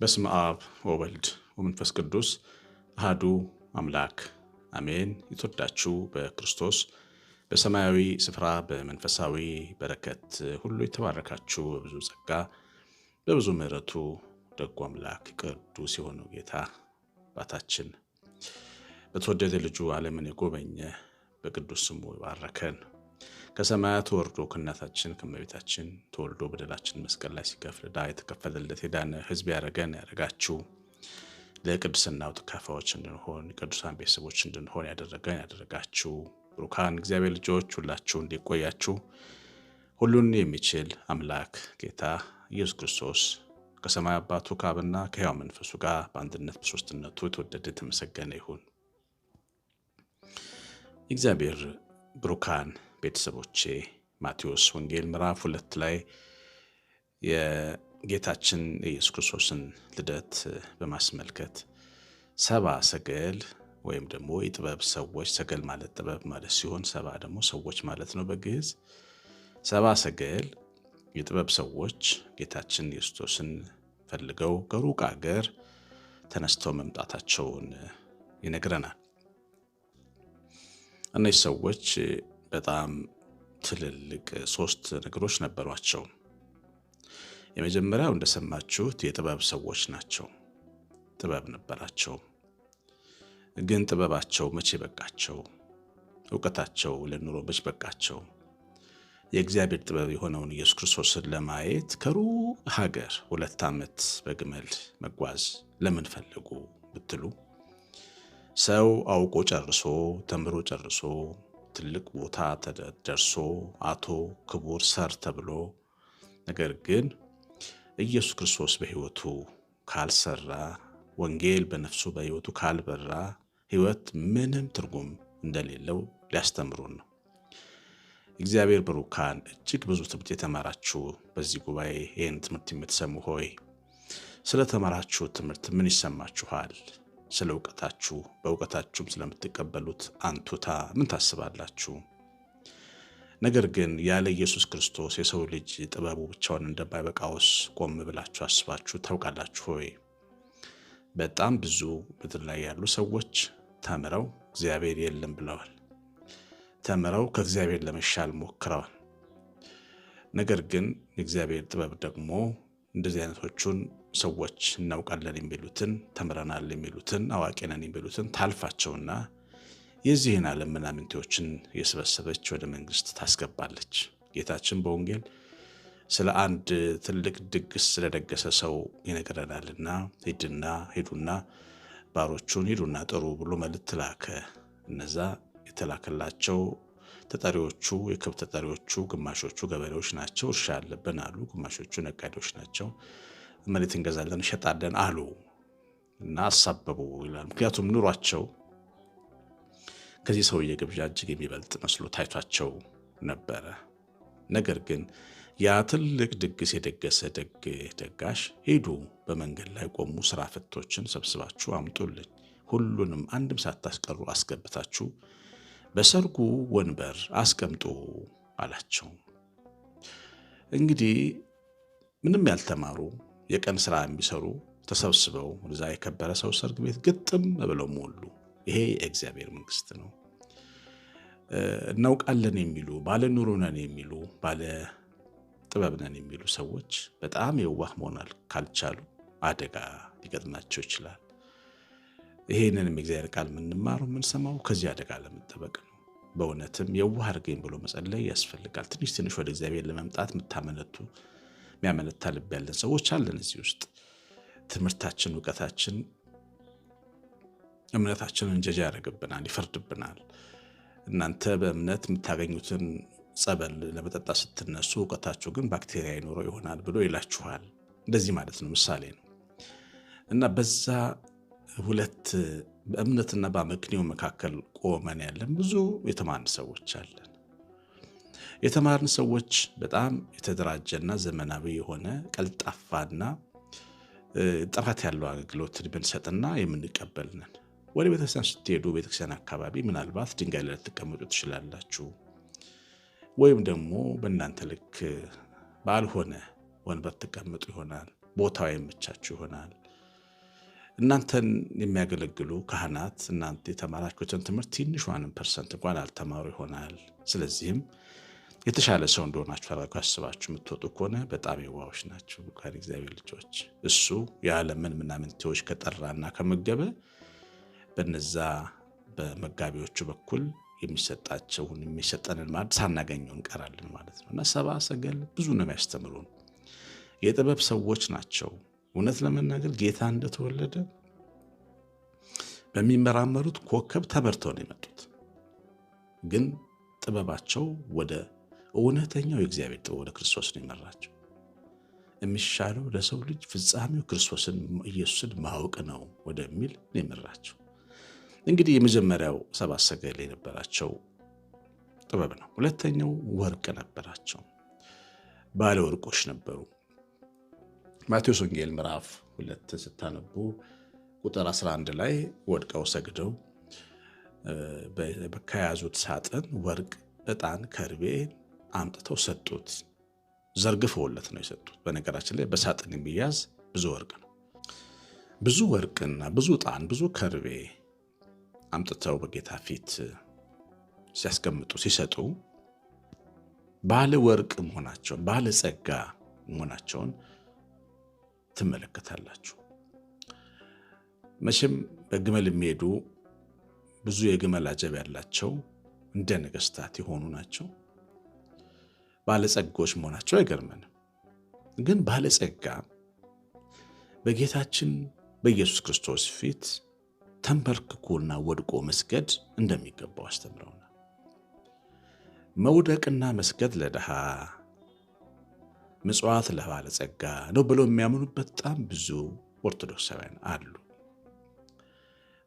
በስም አብ ወወልድ ወመንፈስ ቅዱስ አህዱ አምላክ አሜን። የተወዳችሁ በክርስቶስ በሰማያዊ ስፍራ በመንፈሳዊ በረከት ሁሉ የተባረካችሁ በብዙ ጸጋ በብዙ ምሕረቱ ደጉ አምላክ ቅዱስ የሆነው ጌታ አባታችን በተወደደ ልጁ ዓለምን የጎበኘ በቅዱስ ስሙ ባረከን ከሰማያት ወርዶ ከእናታችን ከመቤታችን ተወልዶ በደላችን መስቀል ላይ ሲከፍል ዕዳ የተከፈለለት የዳነ ሕዝብ ያደረገን ያደረጋችሁ ለቅድስናው ተካፋዮች እንድንሆን ቅዱሳን ቤተሰቦች እንድንሆን ያደረገን ያደረጋችሁ ብሩካን እግዚአብሔር ልጆች ሁላችሁ እንዲቆያችሁ ሁሉን የሚችል አምላክ ጌታ ኢየሱስ ክርስቶስ ከሰማይ አባቱ ከአብና ከሕያው መንፈሱ ጋር በአንድነት በሶስትነቱ የተወደደ የተመሰገነ ይሁን። እግዚአብሔር ብሩካን ቤተሰቦቼ ማቴዎስ ወንጌል ምዕራፍ ሁለት ላይ የጌታችን የኢየሱስ ክርስቶስን ልደት በማስመልከት ሰባ ሰገል ወይም ደግሞ የጥበብ ሰዎች ሰገል ማለት ጥበብ ማለት ሲሆን ሰባ ደግሞ ሰዎች ማለት ነው በግዕዝ ሰባ ሰገል የጥበብ ሰዎች ጌታችን ኢየሱስን ፈልገው ከሩቅ አገር ተነስተው መምጣታቸውን ይነግረናል። እነዚህ ሰዎች በጣም ትልልቅ ሶስት ነገሮች ነበሯቸው። የመጀመሪያው እንደሰማችሁት የጥበብ ሰዎች ናቸው። ጥበብ ነበራቸው፣ ግን ጥበባቸው መቼ በቃቸው? እውቀታቸው ለኑሮ መች በቃቸው? የእግዚአብሔር ጥበብ የሆነውን ኢየሱስ ክርስቶስን ለማየት ከሩቅ ሀገር ሁለት ዓመት በግመል መጓዝ ለምን ፈለጉ ብትሉ ሰው አውቆ ጨርሶ ተምሮ ጨርሶ ትልቅ ቦታ ደርሶ አቶ ክቡር ሰር ተብሎ ነገር ግን ኢየሱስ ክርስቶስ በሕይወቱ ካልሰራ ወንጌል በነፍሱ በሕይወቱ ካልበራ ሕይወት ምንም ትርጉም እንደሌለው ሊያስተምሩን ነው። እግዚአብሔር ብሩካን እጅግ ብዙ ትምህርት የተማራችሁ በዚህ ጉባኤ ይህን ትምህርት የምትሰሙ ሆይ ስለተማራችሁ ትምህርት ምን ይሰማችኋል? ስለ እውቀታችሁ በእውቀታችሁም ስለምትቀበሉት አንቱታ ምን ታስባላችሁ? ነገር ግን ያለ ኢየሱስ ክርስቶስ የሰው ልጅ ጥበቡ ብቻውን እንደማይበቃውስ ቆም ብላችሁ አስባችሁ ታውቃላችሁ ሆይ? በጣም ብዙ ምድር ላይ ያሉ ሰዎች ተምረው እግዚአብሔር የለም ብለዋል። ተምረው ከእግዚአብሔር ለመሻል ሞክረዋል። ነገር ግን የእግዚአብሔር ጥበብ ደግሞ እንደዚህ አይነቶቹን ሰዎች እናውቃለን የሚሉትን ተምረናል የሚሉትን አዋቂነን የሚሉትን ታልፋቸውና የዚህን ዓለም ምናምንቴዎችን የሰበሰበች ወደ መንግስት ታስገባለች። ጌታችን በወንጌል ስለ አንድ ትልቅ ድግስ ስለደገሰ ሰው ይነግረናልና ሂድና ሂዱና ባሮቹን ሂዱና ጥሩ ብሎ መልእክት ላከ። እነዛ የተላከላቸው ተጠሪዎቹ የከብት ተጠሪዎቹ ግማሾቹ ገበሬዎች ናቸው፣ እርሻ አለብን አሉ። ግማሾቹ ነጋዴዎች ናቸው፣ መሬት እንገዛለን እንሸጣለን አሉ እና አሳበቡ ይላል። ምክንያቱም ኑሯቸው ከዚህ ሰውዬ ግብዣ እጅግ የሚበልጥ መስሎ ታይቷቸው ነበረ። ነገር ግን ያ ትልቅ ድግስ የደገሰ ደግ ደጋሽ ሄዱ፣ በመንገድ ላይ ቆሙ ስራ ፈቶችን ሰብስባችሁ አምጡልኝ፣ ሁሉንም አንድም ሳታስቀሩ አስገብታችሁ በሰርጉ ወንበር አስቀምጡ አላቸው። እንግዲህ ምንም ያልተማሩ የቀን ስራ የሚሰሩ ተሰብስበው ዛ የከበረ ሰው ሰርግ ቤት ግጥም ብለው ሞሉ። ይሄ የእግዚአብሔር መንግስት ነው። እናውቃለን የሚሉ ባለ ኑሮ ነን የሚሉ ባለ ጥበብ ነን የሚሉ ሰዎች በጣም የዋህ መሆናል ካልቻሉ አደጋ ሊገጥማቸው ይችላል። ይሄንንም የእግዚአብሔር ቃል የምንማረው የምንሰማው ከዚህ አደጋ ለመጠበቅ በእውነትም የዋህ አድርገኝ ብሎ መጸለይ ያስፈልጋል። ትንሽ ትንሽ ወደ እግዚአብሔር ለመምጣት የምታመነቱ የሚያመነታ ልብ ያለን ሰዎች አለን። እዚህ ውስጥ ትምህርታችን፣ እውቀታችን፣ እምነታችንን እንጀጃ ያደርግብናል፣ ይፈርድብናል። እናንተ በእምነት የምታገኙትን ጸበል ለመጠጣት ስትነሱ እውቀታችሁ ግን ባክቴሪያ ይኖረው ይሆናል ብሎ ይላችኋል። እንደዚህ ማለት ነው፣ ምሳሌ ነው እና በዛ ሁለት በእምነትና በአመክንዮ መካከል ቆመን ያለን ብዙ የተማርን ሰዎች አለን። የተማርን ሰዎች በጣም የተደራጀና ዘመናዊ የሆነ ቀልጣፋና ጥራት ያለው አገልግሎትን ብንሰጥና የምንቀበልነን ወደ ቤተክርስቲያን ስትሄዱ ቤተክርስቲያን አካባቢ ምናልባት ድንጋይ ላይ ልትቀመጡ ትችላላችሁ። ወይም ደግሞ በእናንተ ልክ ባልሆነ ወንበር ትቀመጡ ይሆናል። ቦታው አይመቻችሁ ይሆናል። እናንተን የሚያገለግሉ ካህናት እናንተ የተማራችሁትን ትምህርት ትንሿንም ፐርሰንት እንኳን አልተማሩ ይሆናል። ስለዚህም የተሻለ ሰው እንደሆናችሁ አድርጋችሁ አስባችሁ የምትወጡ ከሆነ በጣም የዋዎች ናቸው ብካን እግዚአብሔር ልጆች። እሱ የዓለምን ምናምንቴዎች ከጠራና ከመገበ በነዛ በመጋቢዎቹ በኩል የሚሰጣቸውን የሚሰጠንን ማለት ሳናገኘው እንቀራለን ማለት ነው እና ሰብአ ሰገል ብዙ ነው የሚያስተምሩን የጥበብ ሰዎች ናቸው። እውነት ለመናገር ጌታ እንደተወለደ በሚመራመሩት ኮከብ ተመርተው ነው የመጡት። ግን ጥበባቸው ወደ እውነተኛው የእግዚአብሔር ጥበብ ወደ ክርስቶስ ነው የመራቸው። የሚሻለው ለሰው ልጅ ፍጻሜው ክርስቶስን ኢየሱስን ማወቅ ነው ወደሚል ነው የመራቸው። እንግዲህ የመጀመሪያው ሰብአ ሰገል የነበራቸው ጥበብ ነው። ሁለተኛው ወርቅ ነበራቸው፣ ባለ ወርቆች ነበሩ። ማቴዎስ ወንጌል ምዕራፍ ሁለት ስታነቡ ቁጥር 11 ላይ ወድቀው ሰግደው ከያዙት ሳጥን ወርቅ፣ ዕጣን፣ ከርቤ አምጥተው ሰጡት። ዘርግፈውለት ነው የሰጡት። በነገራችን ላይ በሳጥን የሚያዝ ብዙ ወርቅ ነው። ብዙ ወርቅና ብዙ ዕጣን፣ ብዙ ከርቤ አምጥተው በጌታ ፊት ሲያስቀምጡ ሲሰጡ ባለ ወርቅ መሆናቸውን ባለ ጸጋ መሆናቸውን ትመለከታላችሁ። መቼም በግመል የሚሄዱ ብዙ የግመል አጀብ ያላቸው እንደ ነገስታት የሆኑ ናቸው። ባለጸጎች መሆናቸው አይገርመንም። ግን ባለጸጋ በጌታችን በኢየሱስ ክርስቶስ ፊት ተንበርክኮና ወድቆ መስገድ እንደሚገባው አስተምረውናል። መውደቅና መስገድ ለድሃ ምጽዋት ለባለጸጋ ነው ብለው የሚያምኑ በጣም ብዙ ኦርቶዶክሳውያን አሉ።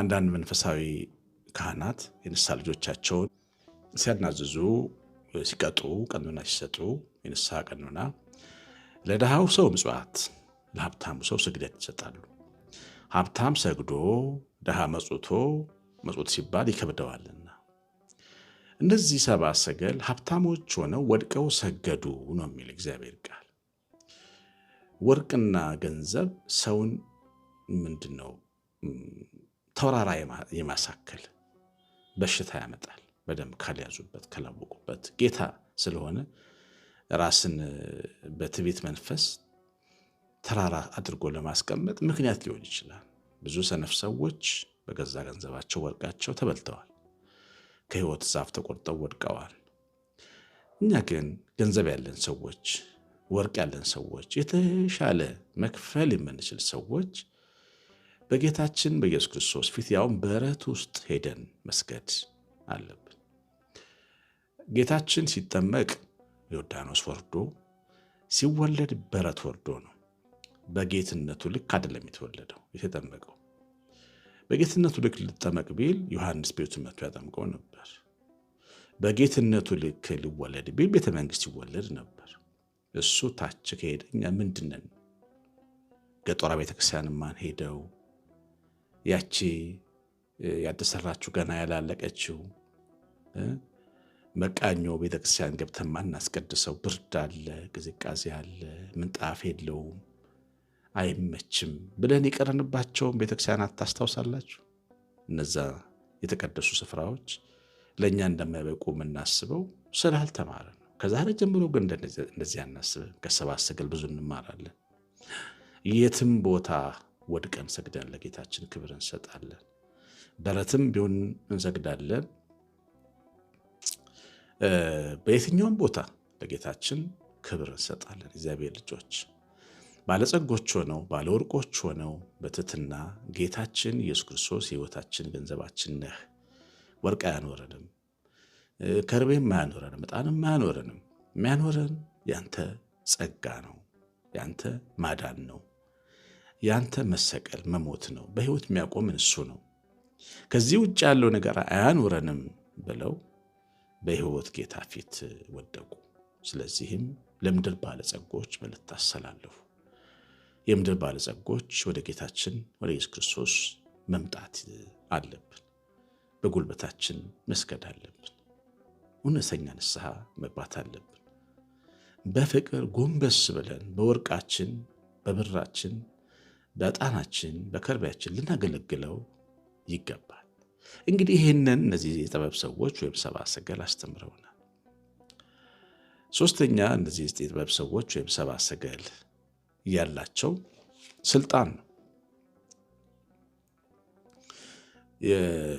አንዳንድ መንፈሳዊ ካህናት የንስሐ ልጆቻቸውን ሲያናዝዙ፣ ሲቀጡ፣ ቀኖና ሲሰጡ የንስሐ ቀኖና ለድሃው ሰው ምጽዋት፣ ለሀብታሙ ሰው ስግደት ይሰጣሉ። ሀብታም ሰግዶ ድሃ መጽቶ መጽት ሲባል ይከብደዋልን እነዚህ ሰባ ሰገል ሀብታሞች ሆነው ወድቀው ሰገዱ ነው የሚል እግዚአብሔር ቃል። ወርቅና ገንዘብ ሰውን ምንድን ነው ተወራራ የማሳከል በሽታ ያመጣል። በደንብ ካልያዙበት ካላወቁበት፣ ጌታ ስለሆነ ራስን በትቤት መንፈስ ተራራ አድርጎ ለማስቀመጥ ምክንያት ሊሆን ይችላል። ብዙ ሰነፍ ሰዎች በገዛ ገንዘባቸው ወርቃቸው ተበልተዋል። ከህይወት ዛፍ ተቆርጠው ወድቀዋል። እኛ ግን ገንዘብ ያለን ሰዎች፣ ወርቅ ያለን ሰዎች፣ የተሻለ መክፈል የምንችል ሰዎች በጌታችን በኢየሱስ ክርስቶስ ፊት ያውም በረት ውስጥ ሄደን መስገድ አለብን። ጌታችን ሲጠመቅ ዮርዳኖስ ወርዶ ሲወለድ በረት ወርዶ ነው። በጌትነቱ ልክ አይደለም የተወለደው የተጠመቀው። በጌትነቱ ልክ ልጠመቅ ቢል ዮሐንስ ቤቱን መቶ ያጠምቀው ነበር። በጌትነቱ ልክ ልወለድ ቢል ቤተ መንግስት ይወለድ ነበር። እሱ ታች ከሄደ እኛ ምንድነን? ገጦራ ቤተክርስቲያን ማን ሄደው ያቺ ያልተሰራችው ገና ያላለቀችው መቃኞ ቤተክርስቲያን ገብተን ማናስቀድሰው? ብርድ አለ፣ ቅዝቃዜ አለ፣ ምንጣፍ የለውም። አይመችም ብለን የቀረንባቸውን ቤተክርስቲያናት ታስታውሳላችሁ። እነዛ የተቀደሱ ስፍራዎች ለእኛ እንደማይበቁ የምናስበው ስላልተማረ ነው። ከዛሬ ጀምሮ ግን እንደዚህ አናስብም። ከሰብአ ሰገል ብዙ እንማራለን። የትም ቦታ ወድቀን ሰግደን ለጌታችን ክብር እንሰጣለን። በረትም ቢሆን እንሰግዳለን። በየትኛውም ቦታ ለጌታችን ክብር እንሰጣለን። እግዚአብሔር ልጆች ባለጸጎች ሆነው ባለወርቆች ሆነው በትትና ጌታችን ኢየሱስ ክርስቶስ ህይወታችን ገንዘባችን ነህ። ወርቅ አያኖረንም፣ ከርቤም አያኖረንም፣ ዕጣንም አያኖረንም። የሚያኖረን ያንተ ጸጋ ነው፣ ያንተ ማዳን ነው፣ ያንተ መሰቀል መሞት ነው። በህይወት የሚያቆምን እሱ ነው። ከዚህ ውጭ ያለው ነገር አያኖረንም ብለው በህይወት ጌታ ፊት ወደቁ። ስለዚህም ለምድር ባለጸጎች መልእክት አስተላለፉ። የምድር ባለጸጎች ወደ ጌታችን ወደ ኢየሱስ ክርስቶስ መምጣት አለብን። በጉልበታችን መስገድ አለብን። እውነተኛ ንስሐ መግባት አለብን። በፍቅር ጎንበስ ብለን በወርቃችን፣ በብራችን፣ በዕጣናችን፣ በከርቢያችን ልናገለግለው ይገባል። እንግዲህ ይህንን እነዚህ የጥበብ ሰዎች ወይም ሰብአ ሰገል አስተምረውናል። ሶስተኛ እነዚህ የጥበብ ሰዎች ወይም ሰብአ ሰገል ያላቸው ስልጣን ነው።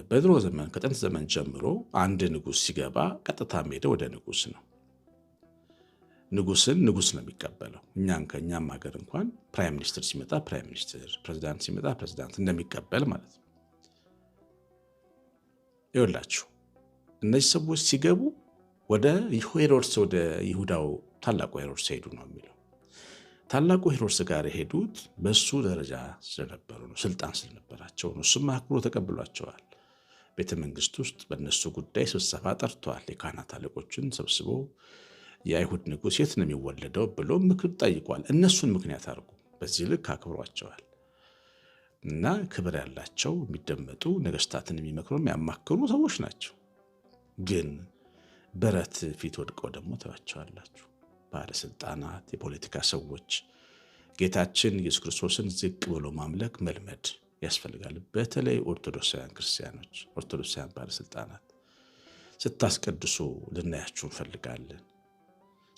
በድሮ ዘመን ከጥንት ዘመን ጀምሮ አንድ ንጉስ ሲገባ ቀጥታ ሄደ ወደ ንጉስ ነው። ንጉስን ንጉስ ነው የሚቀበለው። እኛን ከእኛም ሀገር እንኳን ፕራይም ሚኒስትር ሲመጣ ፕራይም ሚኒስትር፣ ፕሬዚዳንት ሲመጣ ፕሬዚዳንት እንደሚቀበል ማለት ነው። ይወላችሁ እነዚህ ሰዎች ሲገቡ ወደ ሄሮድስ ወደ ይሁዳው ታላቁ ሄሮድስ ሄዱ ነው የሚለው ታላቁ ሄሮድስ ጋር የሄዱት በሱ ደረጃ ስለነበሩ ነው፣ ስልጣን ስለነበራቸው ነው። እሱም አክብሮ ተቀብሏቸዋል። ቤተ መንግስት ውስጥ በእነሱ ጉዳይ ስብሰባ ጠርቷል። የካህናት አለቆችን ሰብስቦ የአይሁድ ንጉሥ የት ነው የሚወለደው ብሎ ምክር ጠይቋል። እነሱን ምክንያት አድርጉ። በዚህ ልክ አክብሯቸዋል እና ክብር ያላቸው የሚደመጡ ነገስታትን የሚመክሩ የሚያማክሩ ሰዎች ናቸው። ግን ብረት ፊት ወድቀው ደግሞ ተዋቸዋላችሁ። ባለሥልጣናት፣ የፖለቲካ ሰዎች ጌታችን ኢየሱስ ክርስቶስን ዝቅ ብሎ ማምለክ መልመድ ያስፈልጋል። በተለይ ኦርቶዶክሳውያን ክርስቲያኖች፣ ኦርቶዶክሳውያን ባለሥልጣናት ስታስቀድሱ ልናያችሁ እንፈልጋለን።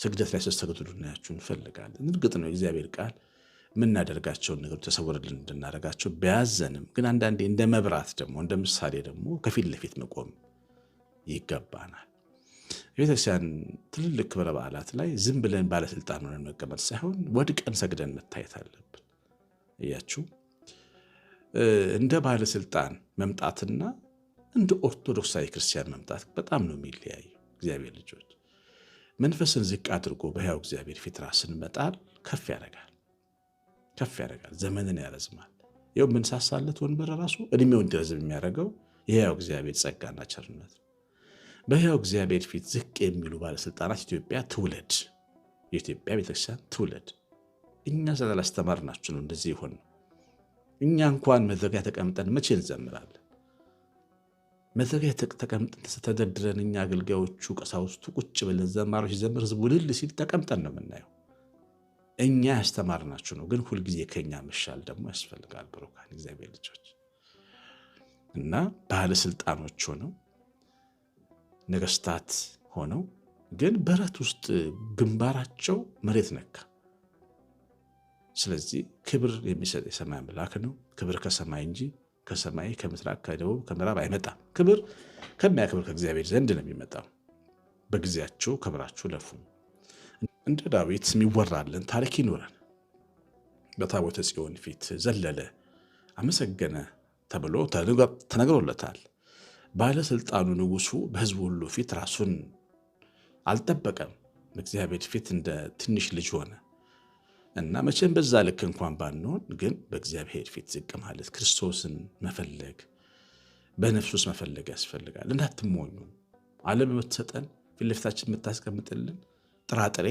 ስግደት ላይ ስትሰግዱ ልናያችሁ እንፈልጋለን። እርግጥ ነው እግዚአብሔር ቃል የምናደርጋቸውን ነገሮች ተሰውረልን እንድናደርጋቸው ቢያዘንም፣ ግን አንዳንዴ እንደ መብራት ደግሞ እንደ ምሳሌ ደግሞ ከፊት ለፊት መቆም ይገባናል። የቤተክርስቲያን ትልልቅ ክብረ በዓላት ላይ ዝም ብለን ባለስልጣን ሆነን መቀመጥ ሳይሆን ወድቀን ሰግደን መታየት አለብን። እያችሁ እንደ ባለስልጣን መምጣትና እንደ ኦርቶዶክሳዊ ክርስቲያን መምጣት በጣም ነው የሚለያዩ። እግዚአብሔር ልጆች መንፈስን ዝቅ አድርጎ በሕያው እግዚአብሔር ፊት ራስን መጣል ከፍ ያደርጋል፣ ከፍ ያደርጋል፣ ዘመንን ያረዝማል። ይኸው ምንሳሳለት ወንበር ራሱ እድሜው እንዲረዝም የሚያደርገው የሕያው እግዚአብሔር ጸጋና ቸርነት በሕያው እግዚአብሔር ፊት ዝቅ የሚሉ ባለሥልጣናት ኢትዮጵያ ትውለድ፣ የኢትዮጵያ ቤተክርስቲያን ትውለድ። እኛ ስላላስተማርናችሁ ነው እንደዚህ ይሆን። እኛ እንኳን መድረክ ላይ ተቀምጠን መቼ እንዘምራለን? መድረክ ላይ ተቀምጠን ተደርድረን እኛ አገልጋዮቹ ቀሳውስቱ ቁጭ ብለን ዘማሪዎች ሲዘምር ህዝቡ ልል ሲል ተቀምጠን ነው የምናየው። እኛ ያስተማርናችሁ ነው። ግን ሁልጊዜ ከኛ መሻል ደግሞ ያስፈልጋል። ብሩካን እግዚአብሔር ልጆች እና ባለስልጣኖች ሆነው ነገስታት ሆነው ግን በረት ውስጥ ግንባራቸው መሬት ነካ። ስለዚህ ክብር የሚሰጥ የሰማይ አምላክ ነው። ክብር ከሰማይ እንጂ ከሰማይ ከምስራቅ፣ ከደቡብ፣ ከምዕራብ አይመጣም። ክብር ከሚያክብር ከእግዚአብሔር ዘንድ ነው የሚመጣው። በጊዜያቸው ክብራችሁ ለፉ። እንደ ዳዊት የሚወራለን ታሪክ ይኖረን። በታቦተ ጽዮን ፊት ዘለለ አመሰገነ ተብሎ ተነግሮለታል። ባለሥልጣኑ ንጉሱ በህዝቡ ሁሉ ፊት ራሱን አልጠበቀም። በእግዚአብሔር ፊት እንደ ትንሽ ልጅ ሆነ እና መቼም በዛ ልክ እንኳን ባንሆን ግን በእግዚአብሔር ፊት ዝቅ ማለት ክርስቶስን መፈለግ በነፍስ ውስጥ መፈለግ ያስፈልጋል። እንዳትሞኙ ዓለም የምትሰጠን ፊት ለፊታችን የምታስቀምጥልን ጥራጥሬ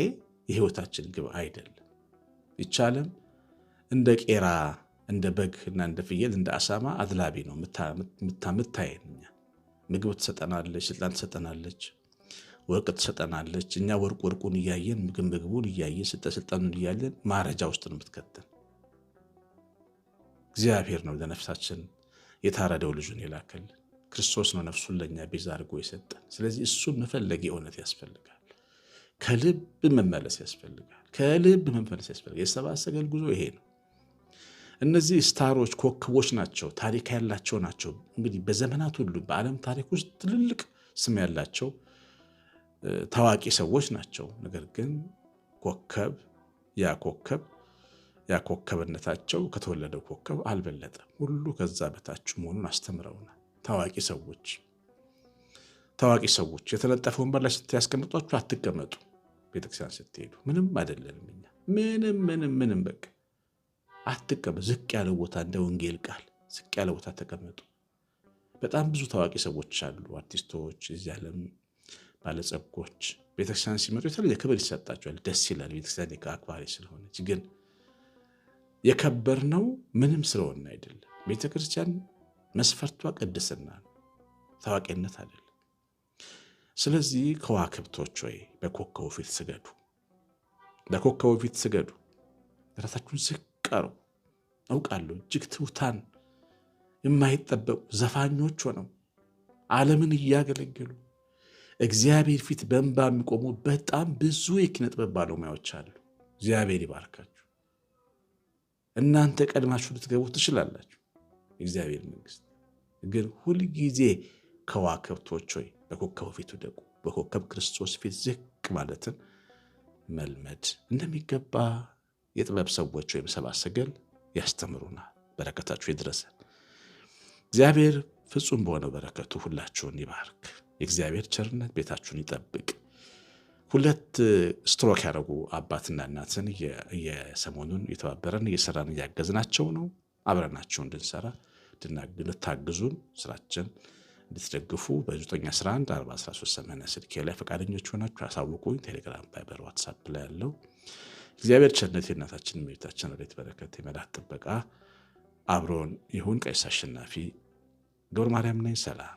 የህይወታችን ግብ አይደለም። ይቻለም እንደ ቄራ እንደ በግ እና እንደ ፍየል እንደ አሳማ አድላቢ ነው የምታየን እኛ ምግብ ትሰጠናለች፣ ስልጣን ትሰጠናለች፣ ወርቅ ትሰጠናለች። እኛ ወርቅ ወርቁን እያየን ምግብ ምግቡን እያየን ስጠ ስልጣኑን እያየን ማረጃ ውስጥ ነው የምትከተል። እግዚአብሔር ነው ለነፍሳችን የታረደው ልጁን የላከል ክርስቶስ ነው ነፍሱን ለእኛ ቤዛ አድርጎ የሰጠን። ስለዚህ እሱን መፈለግ የእውነት ያስፈልጋል። ከልብ መመለስ ያስፈልጋል። ከልብ መመለስ ያስፈልጋል። የሰብአ ሰገል ጉዞ ይሄ ነው። እነዚህ ስታሮች ኮከቦች ናቸው፣ ታሪክ ያላቸው ናቸው። እንግዲህ በዘመናት ሁሉ በዓለም ታሪክ ውስጥ ትልልቅ ስም ያላቸው ታዋቂ ሰዎች ናቸው። ነገር ግን ኮከብ ያ ኮከብ ያ ኮከብነታቸው ከተወለደው ኮከብ አልበለጠም። ሁሉ ከዛ በታች መሆኑን አስተምረውናል። ታዋቂ ሰዎች ታዋቂ ሰዎች የተለጠፈ ወንበር ላይ ስታያስቀምጧችሁ አትቀመጡ። ቤተክርስቲያን ስትሄዱ ምንም አይደለንም እኛ ምንም ምንም ምንም በቃ አትቀመጥ፣ ዝቅ ያለ ቦታ እንደ ወንጌል ቃል ዝቅ ያለ ቦታ ተቀመጡ። በጣም ብዙ ታዋቂ ሰዎች አሉ፣ አርቲስቶች፣ እዚህ ዓለም ባለጸጎች። ቤተክርስቲያን ሲመጡ የተለየ ክብር ይሰጣቸዋል፣ ደስ ይላል። ቤተክርስቲያን አክባሪ ስለሆነች ግን የከበር ነው ምንም ስለሆነ አይደለም። ቤተክርስቲያን መስፈርቷ ቅድስና ነው፣ ታዋቂነት አይደለም። ስለዚህ ከዋክብቶች ወይ በኮከቡ ፊት ስገዱ፣ በኮከቡ ፊት ስገዱ፣ ራሳችሁን ዝቅ ቀሩ። አውቃለሁ እጅግ ትውታን የማይጠበቁ ዘፋኞች ሆነው ዓለምን እያገለገሉ እግዚአብሔር ፊት በእንባ የሚቆሙ በጣም ብዙ የኪነ ጥበብ ባለሙያዎች አሉ። እግዚአብሔር ይባርካችሁ። እናንተ ቀድማችሁ ልትገቡ ትችላላችሁ እግዚአብሔር መንግስት ግን ሁልጊዜ ከዋክብቶች ሆይ በኮከቡ ፊት ውደቁ። በኮከብ ክርስቶስ ፊት ዝቅ ማለትን መልመድ እንደሚገባ የጥበብ ሰዎች ወይም ሰባሰገል ያስተምሩናል። በረከታችሁ ይድረሰ። እግዚአብሔር ፍጹም በሆነው በረከቱ ሁላችሁን ይባርክ። የእግዚአብሔር ቸርነት ቤታችሁን ይጠብቅ። ሁለት ስትሮክ ያደረጉ አባትና እናትን የሰሞኑን እየተባበረን እየሰራን እያገዝናቸው ነው። አብረናቸው እንድንሰራ ልታግዙን ስራችን እንድትደግፉ በ911 13 ስልክ ላይ ፈቃደኞች ሆናችሁ አሳውቁኝ። ቴሌግራም፣ ቫይበር፣ ዋትሳፕ ላይ ያለው እግዚአብሔር ቸርነት የእናታችን እመቤታችን ረድኤት በረከት የመላት ጥበቃ አብሮን ይሁን። ቀሲስ አሸናፊ ገብረ ማርያም ነኝ። ሰላም